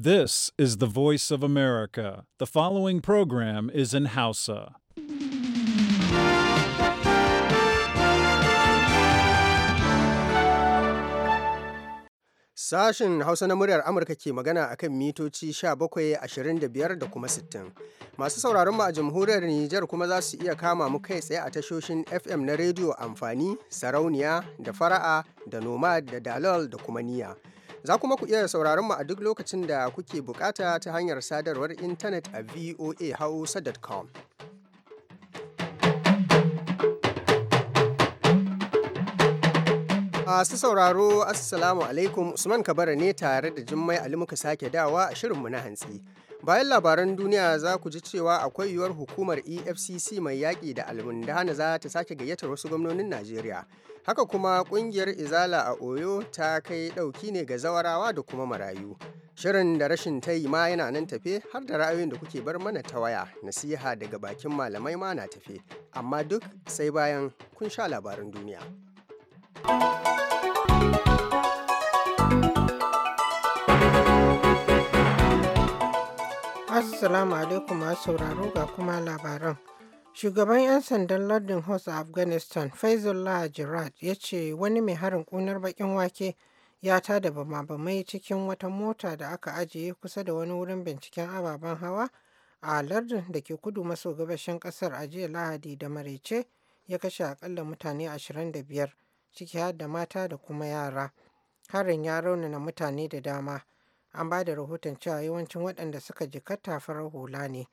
This is the voice of America. The following program is in Hausa. Sashen Hausa na muryar Amurka ke magana a kan mitoci 17,25 da kuma 60. Masu sauraron mu a jamhuriyar Nijar kuma za su iya kama mu kai tsaye a tashoshin FM na rediyo amfani, sarauniya, da fara'a, da nomad, da dalol, da kuma niyya. Za kuma ku iya sauraron mu a duk lokacin da kuke bukata ta hanyar sadarwar intanet a voahausa.com. Masu sauraro Assalamu alaikum Usman Kabara ne tare da Jummai Ali muka sake dawa a shirinmu na hantsi. Bayan labaran duniya za ku ji cewa akwai yiwuwar hukumar EFCC mai yaƙi da almundana za ta sake gayyatar wasu gwamnonin Najeriya. Haka kuma ƙungiyar Izala a Oyo ta kai ɗauki ne ga zawarawa da kuma marayu. Shirin da rashin ta yi ma yana nan tafe har da ra'ayoyin da kuke bar mana ta waya nasiha daga bakin malamai ma na tafe amma duk sai bayan kun sha labarin duniya. Assalamu alaikum masu sauraro ga kuma labaran. Shugaban 'yan sandan lardin hos a Afghanistan, Faizullah Jarrad, ya ce wani mai harin kunar baƙin wake ya tada bama-bamai cikin wata mota da aka ajiye kusa da wani wurin binciken ababen hawa a lardin da ke kudu maso gabashin kasar a jiya Lahadi da maraice ya kashe akalla mutane 25 ciki har da mata da kuma yara. Harin ya raunana mutane da dama. An ba da rahoton cewa yawancin waɗanda suka jikata farar hula ne.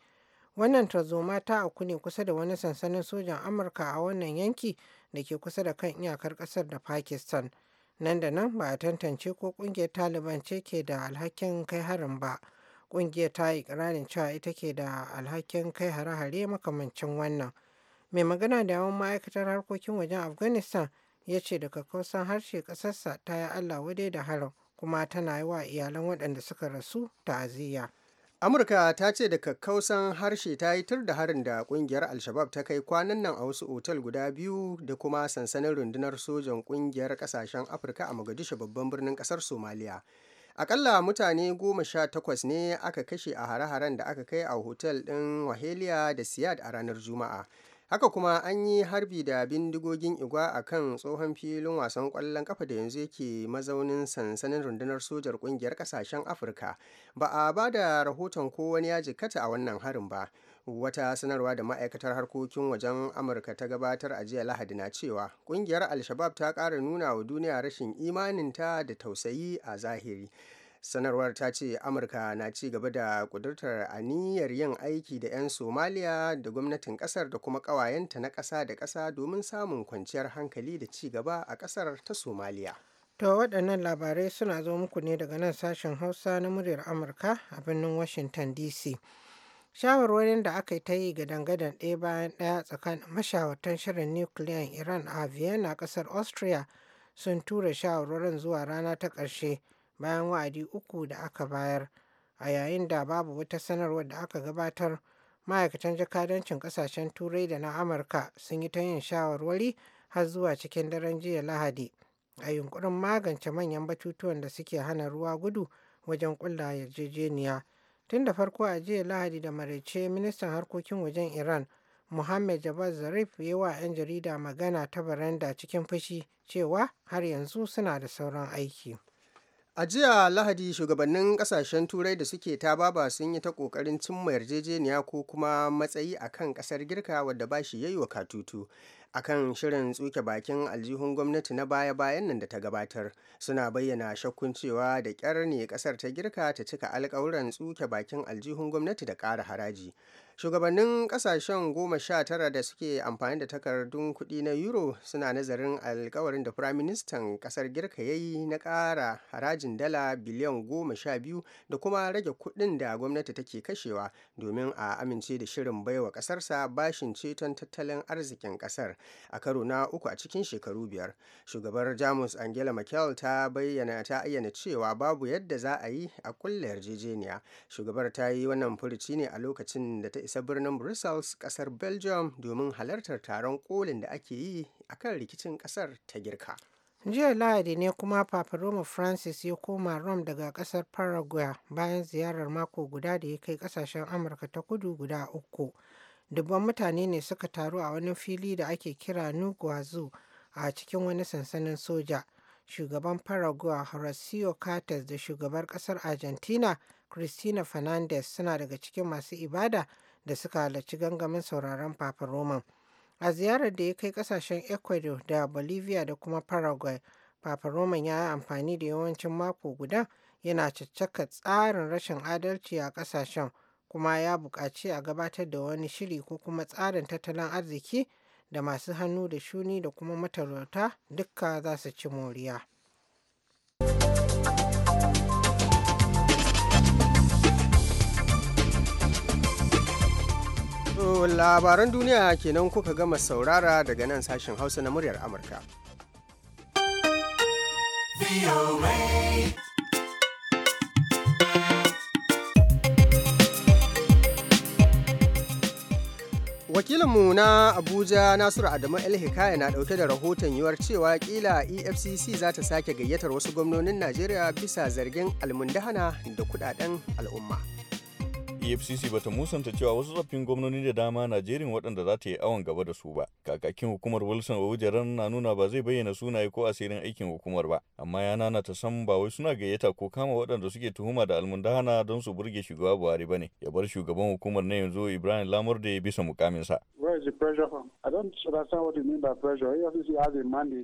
Wannan tarzoma ta auku ne kusa da wani sansanin sojan Amurka a wannan yanki da ke kusa da kan iyakar kasar da Pakistan. Nan da nan ba a tantance ko kungiyar Taliban ce ke da alhakin kai harin ba. kungiyar ta yi ƙirarin cewa ita ke da alhakin kai hare-hare makamancin wannan. Mai magana da yawan ma'aikatar harkokin wajen Afghanistan ya ce daga kusan harshe ƙasarsa ta yi Allah wadai da harin kuma tana yi wa iyalan waɗanda suka rasu ta'aziyya. amurka ta ce da kakkausan harshe ta yi tur da harin da kungiyar alshabab ta kai kwanan nan a wasu otal guda biyu da kuma sansanin rundunar sojan kungiyar kasashen afirka a mogadishu babban birnin kasar somaliya akalla mutane goma sha takwas ne aka kashe a hare-haren da aka kai a hotel ɗin wahelia da siyad a ranar juma'a haka kuma an yi harbi da bindigogin igwa a kan tsohon filin wasan kwallon kafa da yanzu yake mazaunin sansanin rundunar sojar kungiyar kasashen afirka ba a ba da rahoton ko wani ya jikkata a wannan harin ba wata sanarwa da ma'aikatar harkokin wajen amurka ta gabatar a jiya lahadi na cewa kungiyar al ta ƙara nuna wa duniya rashin imanin ta da tausayi a zahiri sanarwar ta ce amurka na ci gaba da kudurtar aniyar yin aiki da 'yan somaliya da gwamnatin kasar da kuma kawayenta na kasa da kasa domin samun kwanciyar hankali da ci gaba a kasar ta somaliya to waɗannan labarai suna zo muku ne daga nan sashen hausa na muryar amurka a birnin washington dc shawarwarin da aka yi ta yi ga dangadan ɗaya bayan ɗaya tsakanin mashawartan shirin nukiliyan iran a vienna ƙasar austria sun tura shawarwarin zuwa rana ta ƙarshe bayan wa'adi uku da aka bayar a yayin da babu wata sanarwar da aka gabatar ma'aikatan jakadancin kasashen turai da na amurka sun yi ta yin shawarwari har zuwa cikin daren jiya lahadi a yunkurin magance manyan batutuwan da suke hana ruwa gudu wajen kulla yarjejeniya tun da farko a jiya lahadi da maraice ministan harkokin wajen iran Muhammad Jabbar Zarif ya wa 'yan jarida magana ta baranda cikin fushi cewa har yanzu suna da sauran aiki. a jiya lahadi shugabannin kasashen turai da suke ta baba sun yi ta kokarin cimma yarjejeniya ko kuma matsayi a kan kasar girka wadda ba shi yayi wa katutu a kan shirin tsuke bakin aljihun gwamnati na baya-bayan nan da ta gabatar suna bayyana shakkun cewa da kyar ne kasar ta girka ta cika alkawuran tsuke bakin aljihun gwamnati da ƙara haraji shugabannin kasashen goma sha tara da suke amfani da takardun kuɗi na euro suna nazarin alkawarin da firaministan ƙasar girka ya yi na ƙara harajin dala biliyan goma sha biyu da kuma rage kuɗin da gwamnati take kashewa domin a amince da shirin baiwa ƙasarsa bashin ceton tattalin arzikin ƙasar a karo na uku a cikin shekaru biyar shugabar jamus angela merkel ta bayyana ta ayyana cewa babu yadda za a yi a kulle yarjejeniya shugabar ta yi wannan furuci ne a lokacin da ta isa birnin Brussels kasar Belgium domin halartar taron kolin da ake yi a kan rikicin kasar ta girka. jiya lahadi ne kuma papa roma francis ya koma rome daga kasar paraguay bayan ziyarar mako guda da ya kai kasashen amurka ta kudu guda uku dubban mutane ne suka taru a wani fili da ake kira nuguazu a cikin wani sansanin soja shugaban paraguay horacio cartes da shugabar kasar argentina cristina fernandez suna daga cikin masu ibada da suka halarci gangamin sauraron Papa Roman. A ziyarar da ya kai kasashen Ecuador da Bolivia da kuma Paraguay, Papa Roman ya yi amfani da yawancin mako guda yana caccaka tsarin rashin adalci a kasashen kuma ya buƙaci a gabatar da wani shiri ko kuma tsarin tattalin arziki da masu hannu da shuni da kuma matalauta dukka za su ci moriya. labaran duniya kenan kuka gama saurara daga nan sashen Hausa na muryar Amurka. wakilinmu na abuja nasiru adamu hikaya na dauke da rahoton yiwuwar cewa kila efcc za ta sake gayyatar wasu gwamnonin najeriya bisa zargin almundahana da kudaden al'umma efcc ta musanta cewa wasu tsoffin gwamnoni da dama na jerin waɗanda za ta yi awon gaba da su ba kakakin hukumar wilson wajen na nuna ba zai bayyana sunaye ko asirin aikin hukumar ba amma ya nana ta san ba wai suna gayyata ko kama waɗanda suke tuhuma da almundahana don su burge shugaba buhari ba ne ya bar shugaban hukumar na yanzu ibrahim lamar da lamurde bisa mukaminsa Where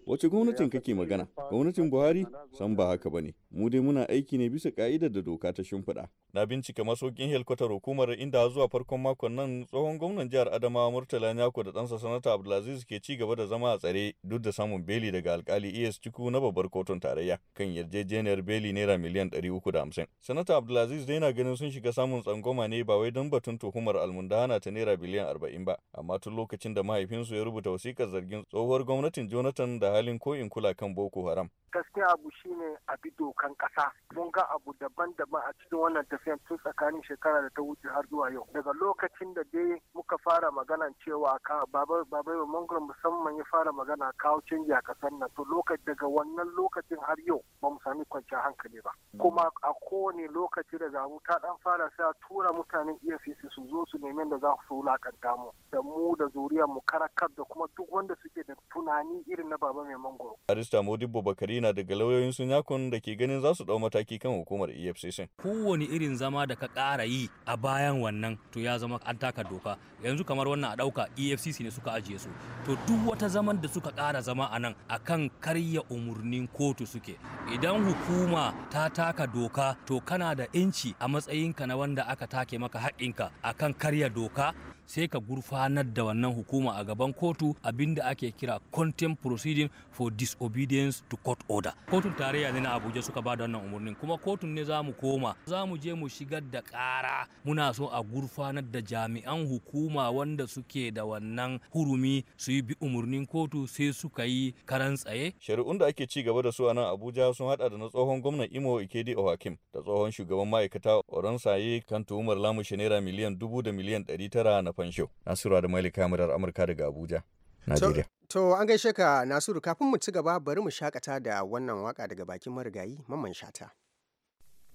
Wace gwamnatin kake magana? Gwamnatin Buhari? San ba haka bane. Mu dai muna aiki ne bisa ka'idar da doka ta shimfiɗa. Na bincika masokin helkwatar hukumar inda zuwa farkon makon nan tsohon gwamnan jihar Adamawa Murtala Nyako da ɗansa sanata Abdulaziz ke ci gaba da zama a tsare duk da samun beli daga alkali ES Ciku na babbar kotun tarayya kan yarjejeniyar beli naira miliyan 350. Sanata Abdulaziz dai na ganin sun shiga samun tsangwama ne ba wai don batun tuhumar almundana ta naira biliyan 40 ba, amma amma tun lokacin da mahaifinsu ya rubuta wasikar zargin tsohuwar gwamnatin Jonathan da halin koyin kula kan Boko Haram. Gaskiya abu shine a bi dokan kasa Mun ga abu daban-daban a cikin wannan tafiyan tun tsakanin shekara da ta wuce har zuwa yau. Daga lokacin da dai muka fara magana cewa ka babai Mangoro musamman ya fara magana kawo canji a kasar nan. To lokaci daga wannan lokacin har yau ba mu sami kwanciyar hankali ba. Mm. Kuma a kowane lokaci daga ta dan fara sai a tura mutanen EFCC su zo su nemi da za su wulakanta mu. Da mu mu da zuriyar mu karakar da kuma duk wanda suke da tunani irin na baba mai mangoro. Barista Modibo Bakari na daga lauyoyin yakun da ke ganin za su dau mataki kan hukumar EFCC. Kowane irin zama da ka kara yi a bayan wannan to ya zama an taka doka. Yanzu kamar wannan a dauka EFCC ne suka ajiye su. To duk wata zaman da suka kara zama a nan akan karya umurnin kotu suke. Idan hukuma ta taka doka to kana da inci a matsayinka na wanda aka take maka haƙƙinka akan karya doka sai ka gurfanar da wannan hukuma a gaban kotu abinda ake kira contempt proceeding for disobedience to court order kotun tarayya ne na abuja suka ba da wannan umarnin kuma kotun ne za mu koma za mu je mu shigar da kara muna so a gurfanar da jami'an hukuma wanda suke da wannan hurumi su yi bi umarnin kotu sai suka yi karan tsaye shari'un da ake ci gaba da su a nan abuja sun hada da na tsohon gwamnan imo ikedi ohakim da tsohon shugaban ma'aikata oransaye kan tuhumar lamu naira miliyan dubu da miliyan ɗari tara na na fansho nasiru da malika amurka daga abuja najeriya to an gaishe ka nasiru kafin mu ci gaba bari mu shakata da wannan waka daga bakin marigayi mamman shata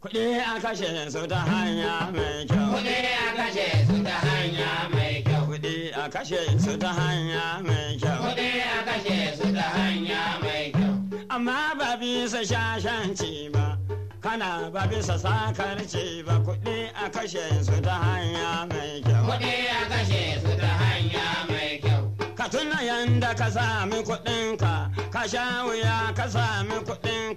Kuɗi a kashe su ta hanya mai kyau. Kuɗi a kashe su ta hanya mai kyau. Kuɗi a kashe su ta hanya mai kyau. Kuɗi a kashe su ta hanya mai kyau. Amma ba bisa shashanci ba. kana ba bisa ce ba kuɗi a kashe su ta hanya mai kyau. Kuɗi a kashe su ta hanya mai kyau. Ka tuna yanda ka sami kuɗinka, ka sha wuya ka sami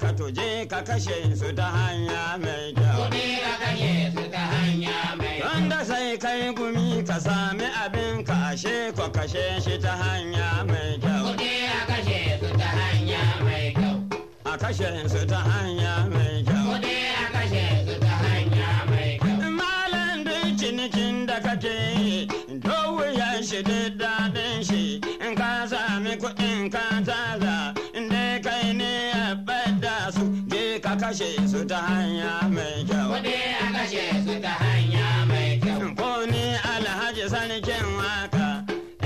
ka tuje ka kashe su ta hanya mai kyau. Kuɗi a kashe su ta hanya mai kyau. Wanda sai kai gumi ka sami abin ka ashe ko kashe shi ta hanya mai kyau. Kuɗi a kashe su ta hanya mai kyau. A kashe su ta hanya ta hanya mai kyau. Kuɗi a kashe su ta hanya mai kyau. Ko ni alhaji sarkin waka,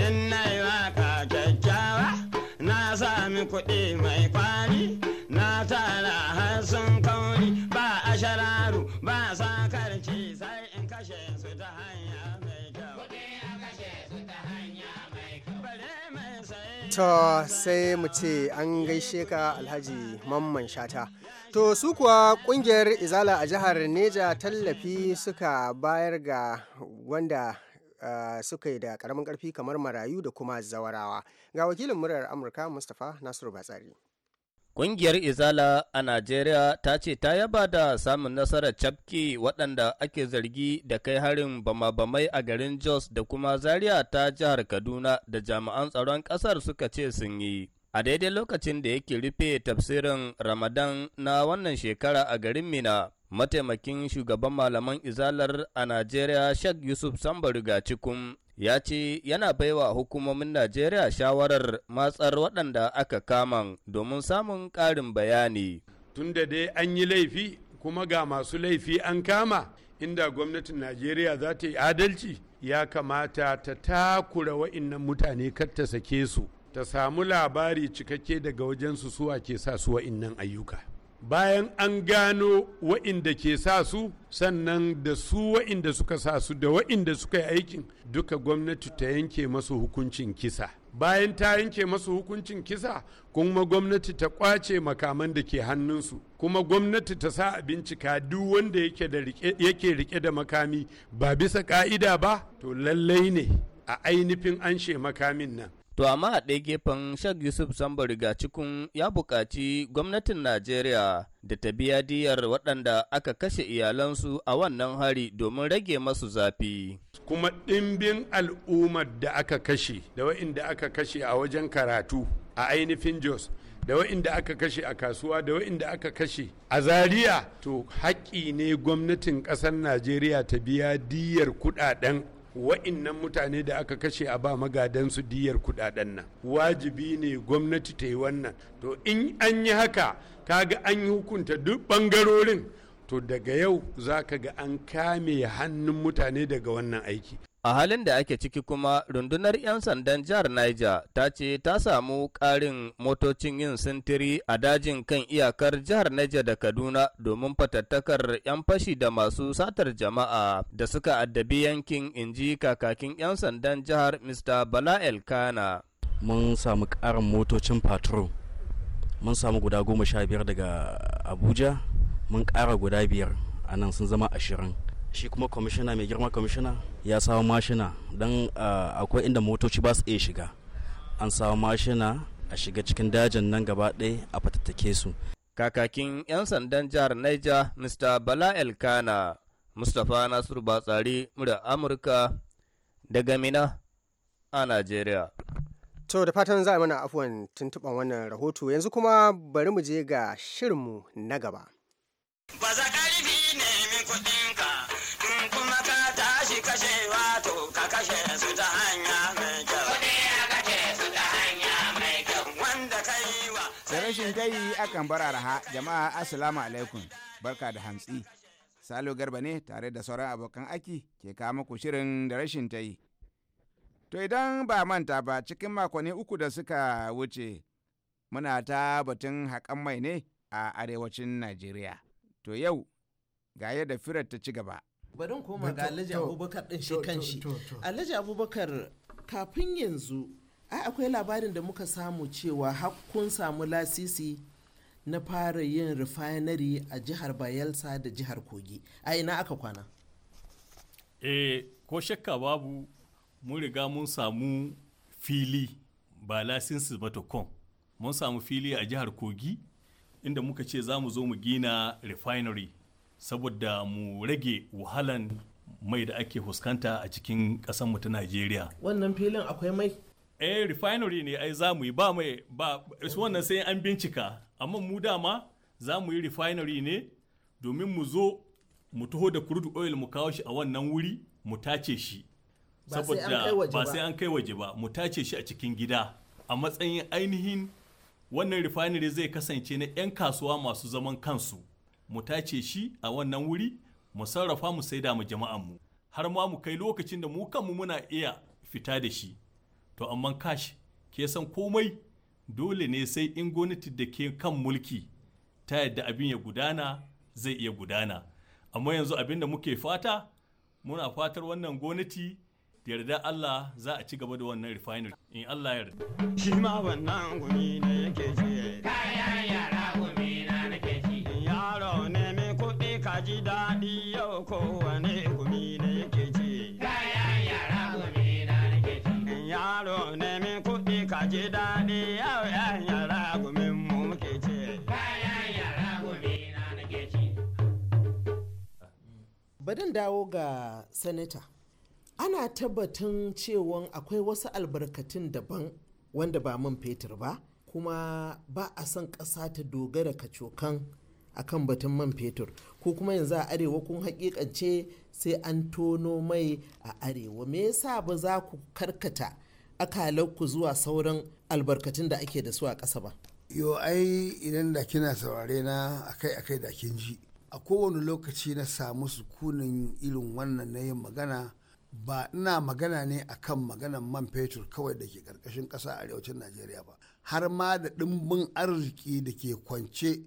in na yi waka kyakkyawa, na sami kuɗi mai to sai mu ce an gaishe ka alhaji mamman shata to su kuwa kungiyar izala a jihar neja tallafi suka bayar ga wanda uh, suka yi da karamin karfi kamar marayu da kuma zawarawa ga wakilin murar amurka mustapha nasiru batsari Ƙungiyar Izala a Najeriya ta ce ta yaba da samun nasarar cafke waɗanda ake zargi da kai harin bama-bamai a garin Jos da kuma Zaria ta jihar Kaduna da jami'an tsaron ƙasar suka ce sun yi. A daidai lokacin da yake rufe tafsirin Ramadan na wannan shekara a garin Mina, mataimakin shugaban malaman Izalar a Najeriya Sheikh Yusuf Rigaci Cikum ya ce yana baiwa hukumomin Najeriya shawarar matsar waɗanda aka kama domin samun ƙarin bayani. Tun da dai an yi laifi kuma ga masu laifi an kama inda gwamnatin Najeriya za ta yi adalci ya kamata ta takura wa'innan mutane kar ta sake su ta samu labari cikakke daga wajensu suwa ke sa su wa'innan ayyuka. bayan an gano wa'inda ke sa su sannan da su wa'inda suka sa su da wa'inda suka yi aikin duka gwamnati ta yanke masu hukuncin kisa bayan ta yanke masu hukuncin kisa kuma gwamnati ta kwace makaman da ke hannunsu kuma gwamnati ta sa bincika duk wanda yake rike da makami ba bisa ka'ida ba to lallai ne a ainihin an makamin nan To amma a ɗaya gefen Sheikh Yusuf riga cikin ya buƙaci gwamnatin Najeriya da ta biya diyar waɗanda aka kashe iyalansu a wannan hari domin rage masu zafi. Kuma ɗimbin al'ummar da aka kashe, da wa'inda aka kashe a wajen karatu a ainihin Jos, da wa'inda aka kashe a kasuwa, da wa'inda aka kashe a Zaria, to haƙƙi ne gwamnatin ƙasar Najeriya ta biya diyar kuɗaɗen wa'innan mutane da aka kashe a ba magadansu diyar kudaden nan wajibi ne gwamnati ta yi wannan to in an yi haka kaga an yi hukunta duk bangarorin to daga yau za ka ga an kame hannun mutane daga wannan aiki A halin da ake ciki kuma rundunar 'yan sandan jihar Niger ta ce ta samu ƙarin motocin yin sintiri a dajin kan iyakar jihar Niger da Kaduna domin fatattakar 'yan fashi da masu satar jama'a da suka addabi yankin inji kakakin 'yan sandan jihar Mr. Bala Elkana. Mun samu ƙarin motocin patrol. Mun samu guda goma sha biyar daga Abuja, mun ƙara guda biyar a nan sun zama ashirin. shi kuma kwamishina mai girma kwamishina ya samu mashina don ah, akwai inda motoci ba su iya shiga an samu mashina a shiga cikin dajin nan gaba ɗaya a fatattake su kakakin 'yan sandan jihar Niger Mr. Bala Elkana Mustapha Nasiru Batsari mura Amurka daga Mina a nigeria. To da fatan za a mana afuwan tuntuɓan wannan rahoto yanzu kuma bari mu je ga shirinmu na gaba. dai akan bar araha jama'a assalamu alaikum barka da hantsi salo garba ne tare da sauran abokan aiki ke kawo muku shirin da rashin ta yi to idan ba manta ba cikin makonni uku da suka wuce muna ta batun haƙan mai ne a arewacin najeriya to yau ga yadda firar ta ci gaba barin koma ga alhaji abubakar din shi kan shi alhaji abubakar kafin yanzu ai akwai labarin da muka samu cewa hakkun samu lasisi na fara yin refinery a jihar bayelsa da jihar kogi a ina aka kwana eh ko shakka babu mun riga mun samu fili ba lasisi ba kon mun samu fili a jihar kogi inda muka ce za mu zo mu gina refinery saboda mu rage wahalan mai da ake huskanta a cikin mu ta najeriya wannan filin akwai mai eh refinery ne ai za yi ba mai ba wannan sai an bincika amma mu dama za mu yi refinery ne domin mu zo mu taho da crude oil mu kawo shi a wannan wuri mu tace shi saboda ba sai an kai waje ba mu tace shi a cikin gida a matsayin ainihin wannan refinery zai kasance na 'yan kasuwa masu zaman kansu mu tace shi a wannan wuri mu sarrafa mu saida mu jama'an mu har ma mu kai lokacin da mu kanmu muna iya fita da shi to amma kash ke san komai dole ne sai in gwamnati da ke kan mulki ta yadda abin ya gudana zai iya gudana amma yanzu abin da muke fata muna fatar wannan gwamnati da yarda Allah za a ci gaba da wannan refinery in Allah yarda shi ma wannan gumi ne yake ce Badan dawo ga Sanata. Ana tabbatin cewa akwai wasu albarkatun daban wanda ba man fetur ba, kuma ba a son ƙasa ta dogara ka kacokan akan batun man fetur ko kuma yanzu a arewa kun haƙiƙance sai an tono mai a arewa me yasa ba za ku karkata akalarku zuwa sauran albarkatun da ake da su a ƙasa ba yo ai idan da kina saurare na akai akai da kin ji a kowane lokaci na samu sukunin irin wannan na yin magana ba ina magana ne akan maganan man fetur kawai da ke karkashin ƙasa arewacin najeriya ba har ma da ɗimbin arziki da ke kwance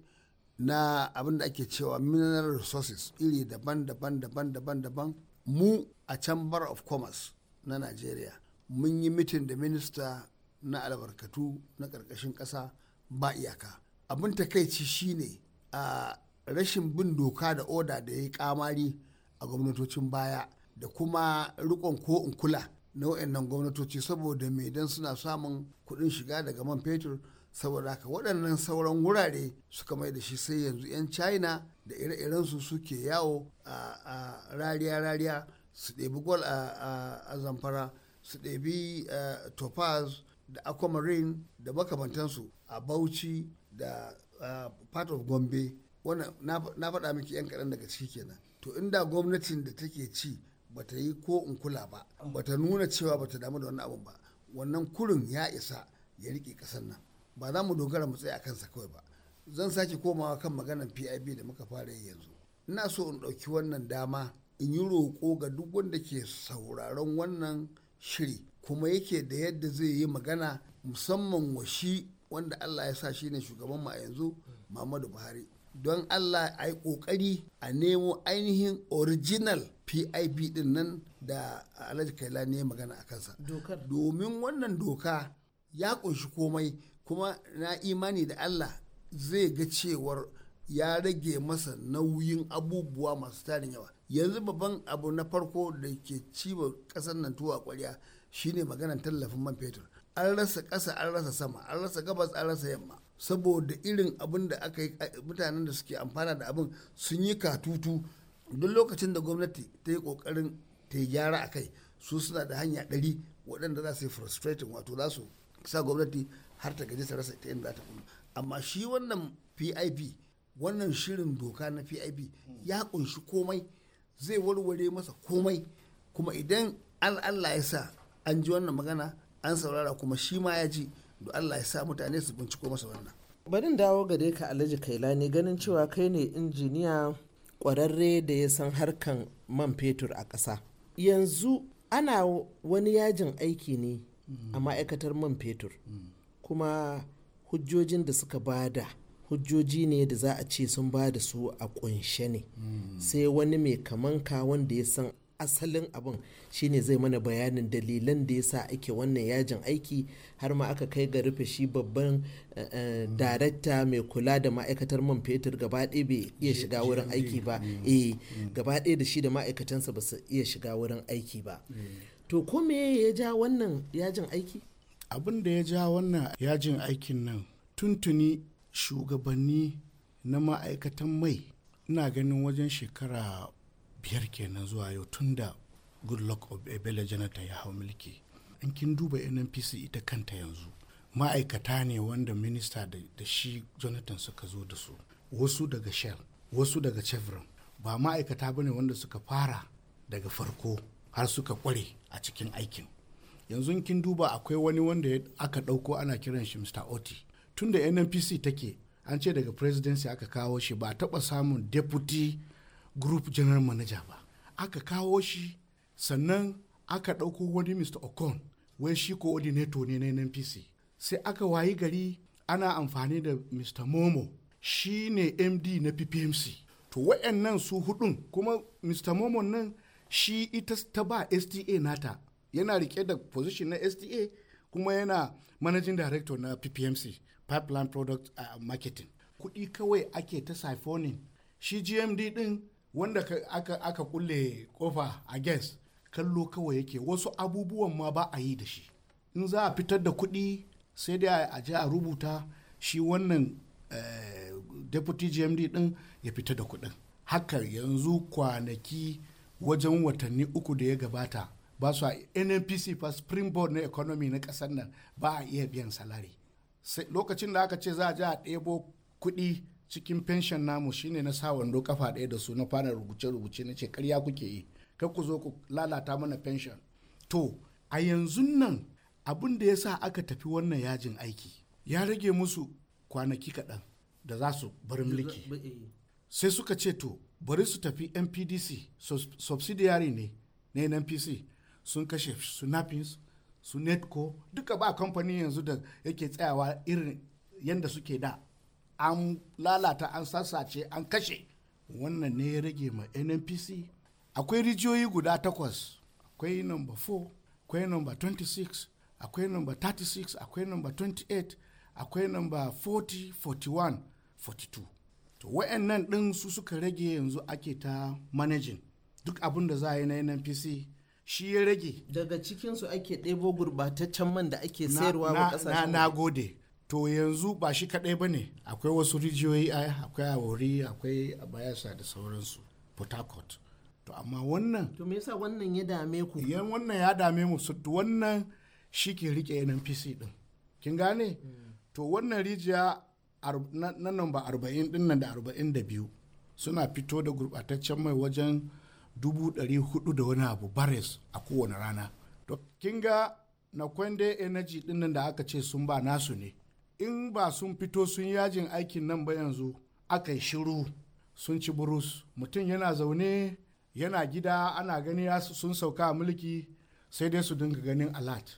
na abin da ake cewa mineral resources iri daban-daban daban-daban daban mu a chamber of commerce na najeriya mun yi mitin da minista na albarkatu na ƙarƙashin ƙasa ba iyaka abin takaici shine a rashin bin doka da oda da ya yi kamari a gwamnatocin baya da kuma rikon ko in kula na waɗannan gwamnatoci saboda mai dan suna samun kuɗin shiga daga man fetur saboda haka waɗannan sauran wurare suka mai da shi sai yanzu 'yan china da ire-irensu suke yawo a rariya-rariya su ɗebi gwal a zamfara su ɗebi eh, topaz da aquamarine da makamantansu a bauchi da part of gombe wannan na faɗa miki 'yan kaɗan daga ciki kenan to inda gwamnatin da take ci bata yi ko in kula ba bata nuna cewa bata damu da wani abun ba wannan kurin ya isa ya rike ƙasar nan ba za mu dogara mu tsaye a kansa kawai ba zan sake komawa kan maganar pib da muka fara yi yanzu ina so in ɗauki wannan dama in yi roƙo ga duk wanda ke sauraron wannan shiri kuma yake da yadda zai yi magana musamman wa shi wanda Allah ya sa shi ne shugaban mu a yanzu Muhammadu Buhari don Allah a yi kokari a nemo ainihin original PIP din nan da Alhaji Kaila ne magana a kansa. Domin wannan doka ya ƙunshi komai kuma na imani da Allah zai ga cewar ya rage masa nauyin abubuwa masu tarin yawa. Yanzu babban abu na farko da ke ciwo ƙasar nan tuwa ƙwarya shine maganar tallafin man fetur an rasa ƙasa an rasa sama an rasa gabas an rasa yamma saboda irin abin da aka yi mutanen da suke amfana da abin sun yi katutu duk lokacin da gwamnati ta yi ƙoƙarin ta yi gyara a kai su suna da hanya ɗari waɗanda za su yi frustrating wato za su sa gwamnati har ta gaji ta rasa ta inda ta kuma amma shi wannan pip wannan shirin doka na pip ya kunshi komai zai warware masa komai kuma idan allah ya sa an ji wannan magana an saurara kuma shi ma ya ji da Allah ya sa mutane su binciko masa wannan barin dawo gare ka Alhaji ne ganin cewa kai ne injiniya kwararre da ya san harkan man fetur a ƙasa yanzu ana wani yajin aiki ne a ma'aikatar man fetur kuma hujjojin da suka bada hujjoji ne da za a ce sun ba da su a kunshe ne sai wani mai kamanka wanda ya san asalin abin shine zai mana bayanin dalilan da yasa ake wannan yajin aiki har ma aka kai ga rufe shi babban eh, eh, darakta mai kula da ma'aikatar man fetur gaba ɗaya bai iya shiga wurin aiki ba mm, eh mm. gaba ɗaya da shi da ma'aikatansa ba su iya shiga wurin aiki ba mm. to ko me ya ja wannan yajin aiki abin da ya ja wannan yajin aikin nan tuntuni shugabanni na ma'aikatan mai ina ganin wajen shekara biyar kenan zuwa yau tun da goodluck ebele janata ya hau mulki in kin duba nnpc ita kanta yanzu ma'aikata ne wanda minista da shi jonathan suka zo da su wasu daga shell wasu daga chevron ba ma'aikata ba ne wanda suka fara daga farko har suka kware a cikin aikin yanzu kin duba akwai wani wanda aka ɗauko ana kiran shi mr oti tun da nnpc take an ce daga presidency aka kawo shi ba taɓa samun deputy group general manager ba aka kawo shi sannan aka ɗauko wani mr okon wai shi coordinator ne na npc sai aka wayi gari ana amfani da mr momo shi ne md na ppmc to wa'annan su hudun kuma mr momo nan shi ita ta ba sta nata yana rike da position na sta kuma yana managing director na ppmc pipeline product uh, marketing kuɗi kawai ake ta siphoning shi gmd din wanda aka, aka kulle kofa a gas kallo kawai yake wasu abubuwan ma ba a yi da shi in za a fitar da kuɗi sai dai a je a rubuta shi wannan eh, deputy gmd din ya fita da kuɗin haka yanzu kwanaki wajen watanni uku da ya gabata ba su a nnpc fa springboard na economy na ƙasar nan ba a iya biyan salari lokacin da aka ce za a je a ɗebo kuɗi cikin fenshen namu shine na sa wando kafa ɗaya da su na fara rubuce-rubuce na ce karya kuke yi kai ku zo ku lalata mana fenshen to a yanzu nan abin da ya sa aka tafi wannan yajin aiki ya rage musu kwanaki kaɗan da za su bar mulki eh. sai suka ce to bari su tafi npdc subsidiary ne na npc sun kashe su napins su netco duka ba kamfanin yanzu da yake tsayawa irin yadda suke da an lalata an sassace an kashe wannan ne ya rage ma nnpc akwai rijiyoyi guda takwas akwai number 4 akwai number 26 akwai number 36 akwai number 28 akwai number 40 41 42 to wa'annan ɗin su suka rage yanzu ake ta manajin duk abin da za a yi na nnpc shi ya rage daga cikinsu ake ɗebo gurbataccen man da ake sayarwa wa ƙasashen na gode to yanzu ba shi kaɗai ba ne akwai wasu rijiyoyi akwai a wuri akwai a bayasa da sauransu port harcourt to amma wannan to me yasa wannan ya dame ku yan wannan ya dame mu su wannan shi ke rike nnpc din kin gane mm. to wannan rijiya na namba 40 din nan da 42 suna fito da gurbataccen mai wajen dubu dari hudu da wani abu bares a kowane rana to kin ga na kwande energy din nan da aka ce sun ba nasu ne in ba sun fito sun yajin aikin nan ba yanzu aka yi shiru sun ci burus mutum yana zaune yana gida ana gani sun sauka a mulki sai dai su dinga ganin alat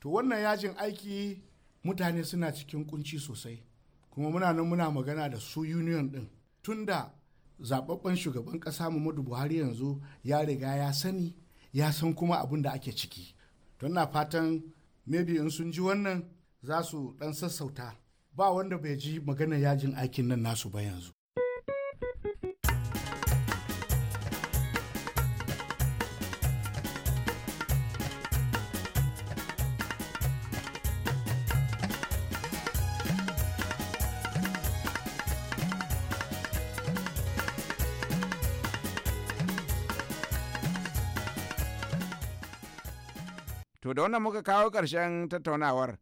to wannan yajin aiki mutane suna cikin kunci sosai kuma muna nan muna magana da su union din tunda zababben shugaban kasa Muhammadu Buhari yanzu ya riga ya sani ya san kuma abin da ake ciki don na fatan maybe in sun ji wannan za su ɗan sassauta ba wanda bai ji magana yajin aikin nan nasu ba yanzu. To da wannan muka kawo ƙarshen tattaunawar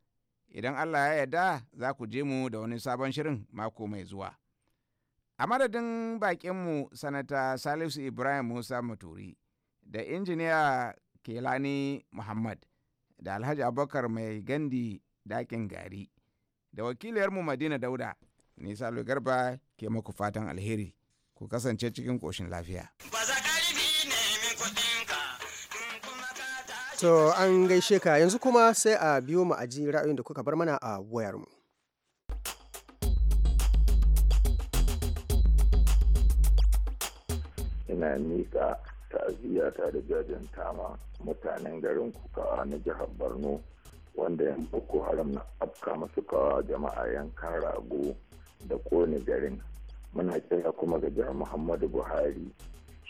idan Allah ya yarda za ku je mu da wani sabon shirin mako mai zuwa. A madadin bakinmu sanata Salisu Ibrahim Musa Maturi da injiniya Kelani Muhammad da Alhaji Abubakar mai gandi dakin gari da wakiliyarmu Madina Dauda Nisa Garba ke maku fatan alheri ku kasance cikin ƙoshin lafiya. To an gaishe ka yanzu kuma sai a biyo mu aji ra'ayin da kuka bar mana a wayarmu. Ina miƙa ta'aziyya ta da jajin tama mutanen garin kukawa na jihar Borno wanda yan Boko Haram na afka masu kawa jama'a yankan rago da kone garin. Muna kira kuma ga jihar Muhammadu Buhari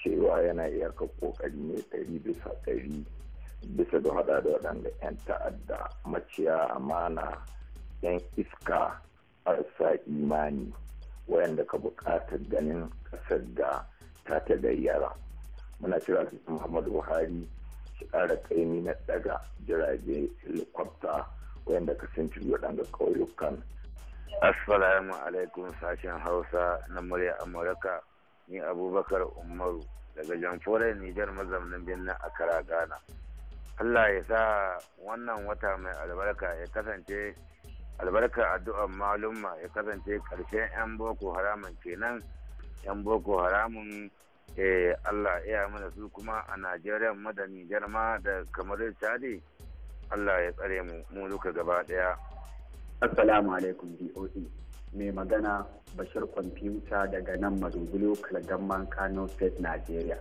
cewa yana iyakar ƙoƙari ne ɗari bisa ɗari bisa ga hada da waɗanda 'yan ta'adda maciya amana 'yan iska arsa imani wayanda ka buƙatar ganin ƙasar da ta ta gayyara muna kira su muhammadu buhari su ƙara ƙaimi na ɗaga jirage helikwafta wayanda ka sintiri waɗanda ƙauyukan assalamu alaikum sashen hausa na murya amurka ni abubakar umaru daga jamforai nijar mazaunin birnin akara ghana Allah ya sa wannan wata mai albarka ya kasance albarka addu'ar malumma ya kasance ƙarshen 'yan boko haramun kenan 'yan boko haramun eh, Allah ya mana su kuma a Najeriya madani da da kamar Chadi Allah ya tsare mu mu duka gaba daya. Assalamu alaikum DOE. Mai magana Bashir Kwamfuta daga nan Madogulo Kalgamman Kano State Nigeria.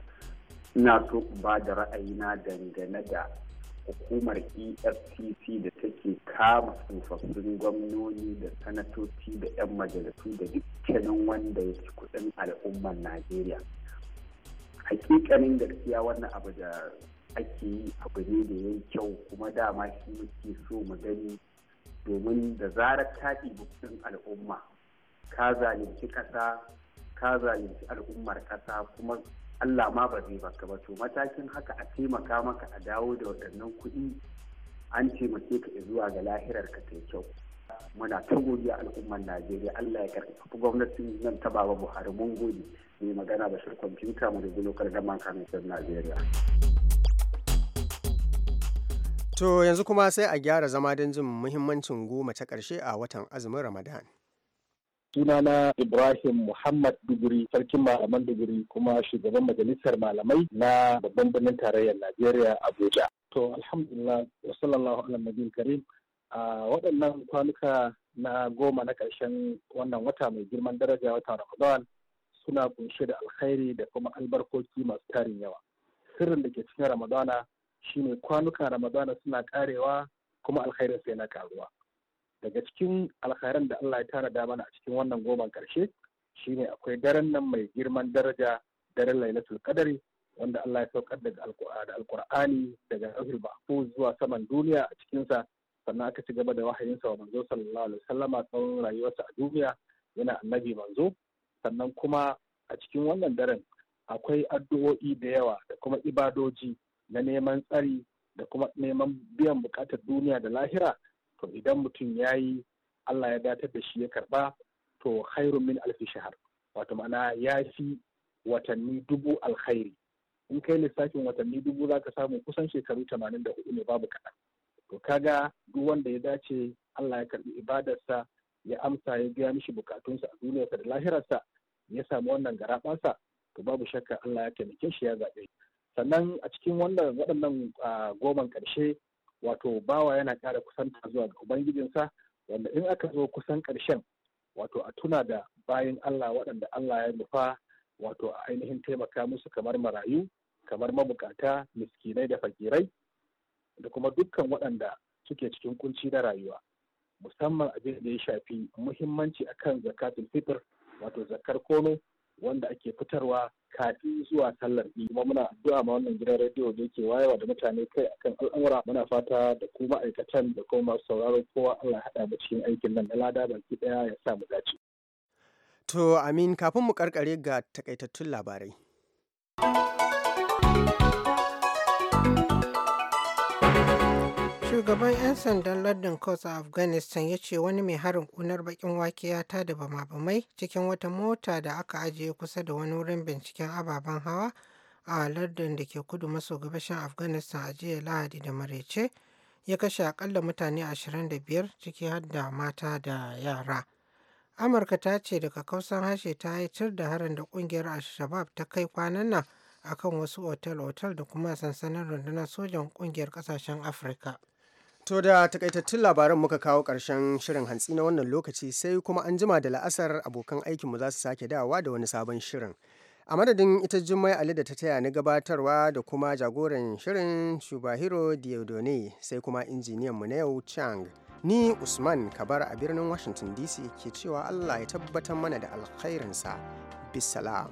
Ina so ba da ra'ayina dangane da hukumar efcc da take kama tsofaffin gwamnoni da sanatoci da 'yan majalisu da dukkanin wanda ya ci kudin al'ummar najeriya hakikanin gaskiya wannan abu da ake yi abu ne da ya kyau kuma dama shi muke so mu gani domin da zarar ta ɗibi al'umma ka zalunci ƙasa ka zalunci al'ummar ƙasa kuma Allah ma ba zai baka ba to matakin haka a taimaka maka a dawo da waɗannan kuɗi an taimake ka zuwa ga lahirar ka tai kyau muna ta a al'ummar Najeriya Allah ya karfafa gwamnatin nan ta baba Buhari mun gode mai magana Bashir kwamfuta mu da kar da man Najeriya. To yanzu kuma sai a gyara zama don jin muhimmancin goma ta ƙarshe a watan azumin Ramadan. Suna na Ibrahim Muhammad Duguri sarkin malaman Duguri kuma shugaban majalisar malamai na babban birnin tarayyar Najeriya Abuja. To alhamdulillah wa sallallahu ala wa karim a waɗannan kwanuka na goma na ƙarshen wannan wata mai girman daraja wata Ramadan suna kunshe da alkhairi da kuma albarkoki masu tarin yawa. Sirrin da ke cikin Ramadana shine kwanuka Ramadana suna karewa kuma alkhairin sai na karuwa. daga cikin alkhairan da Allah ya tara da mana a cikin wannan goman karshe shine akwai daren nan mai girman daraja daren lailatul wanda Allah ya saukar daga alkur'ani daga lauhul mahfuz zuwa saman duniya a cikinsa sannan aka ci gaba da wahayinsa wa manzo sallallahu alaihi wasallama tsawon rayuwarsa a duniya yana annabi manzo sannan kuma a cikin wannan daren akwai addu'o'i da yawa da kuma ibadoji na neman tsari da kuma neman biyan bukatar duniya da lahira to idan mutum ya yi Allah ya datar da shi ya karba to khairu min alfi shahar wato ma'ana ya fi watanni dubu alkhairi in kai lissafin watanni dubu za ka samu kusan shekaru tamanin da hudu ne babu kaɗan to kaga duk wanda ya dace Allah ya karbi ibadarsa ya amsa ya biya mishi bukatunsa a duniyarsa da lahirarsa ya samu wannan garaɓasa to babu shakka Allah ya taimake shi ya zaɓe sannan a cikin wannan waɗannan ah, goman ƙarshe wato bawa yana ƙara kusanta zuwa ga ubangijinsa wanda in aka zo kusan ƙarshen wato a tuna da bayan Allah waɗanda Allah ya nufa wato a ainihin taimaka musu kamar marayu kamar mabukata miskinai da fakirai da kuma dukkan waɗanda suke cikin kunci na rayuwa musamman abin da ya shafi muhimmanci akan zakatul fitr wato zakar komai wanda ake fitarwa kafin zuwa sallar biyu kuma muna addu'a ma wannan gidan rediyo da yake wayewa da mutane kai akan al'amura muna fata da kuma ma'aikatan da kuma masu sauraron kowa Allah haɗa mu cikin aikin nan na lada baki ɗaya ya sa mu dace. To Amin kafin mu karkare ga takaitattun labarai. Shugaban 'yan sandan lardin coast a Afghanistan ya ce wani mai harin kunar bakin wake ya tada bama-bamai cikin wata mota da aka ajiye kusa da wani wurin binciken ababen hawa a lardin da ke kudu maso gabashin Afghanistan a jiya Lahadi da marece ya kashe akalla mutane 25 ciki har da mata da yara. Amurka ta ce daga kausan hashe ta yi da harin da kungiyar al shabab ta kai kwanan nan akan wasu otal-otal da kuma sansanin rundunar sojan kungiyar kasashen Afirka. To da takaitattun labaran muka kawo ƙarshen shirin hantsi na wannan lokaci sai kuma an jima da la'asar abokan aikinmu za su sake dawa da wani sabon shirin. A madadin ita jimai Ali da ta taya na gabatarwa da kuma jagoran shirin Shubahiro Diodone sai kuma injiniyanmu na yau Chang. Ni Usman Kabar a birnin Washington DC ke cewa Allah ya tabbatar mana da alkhairinsa. Bisalam.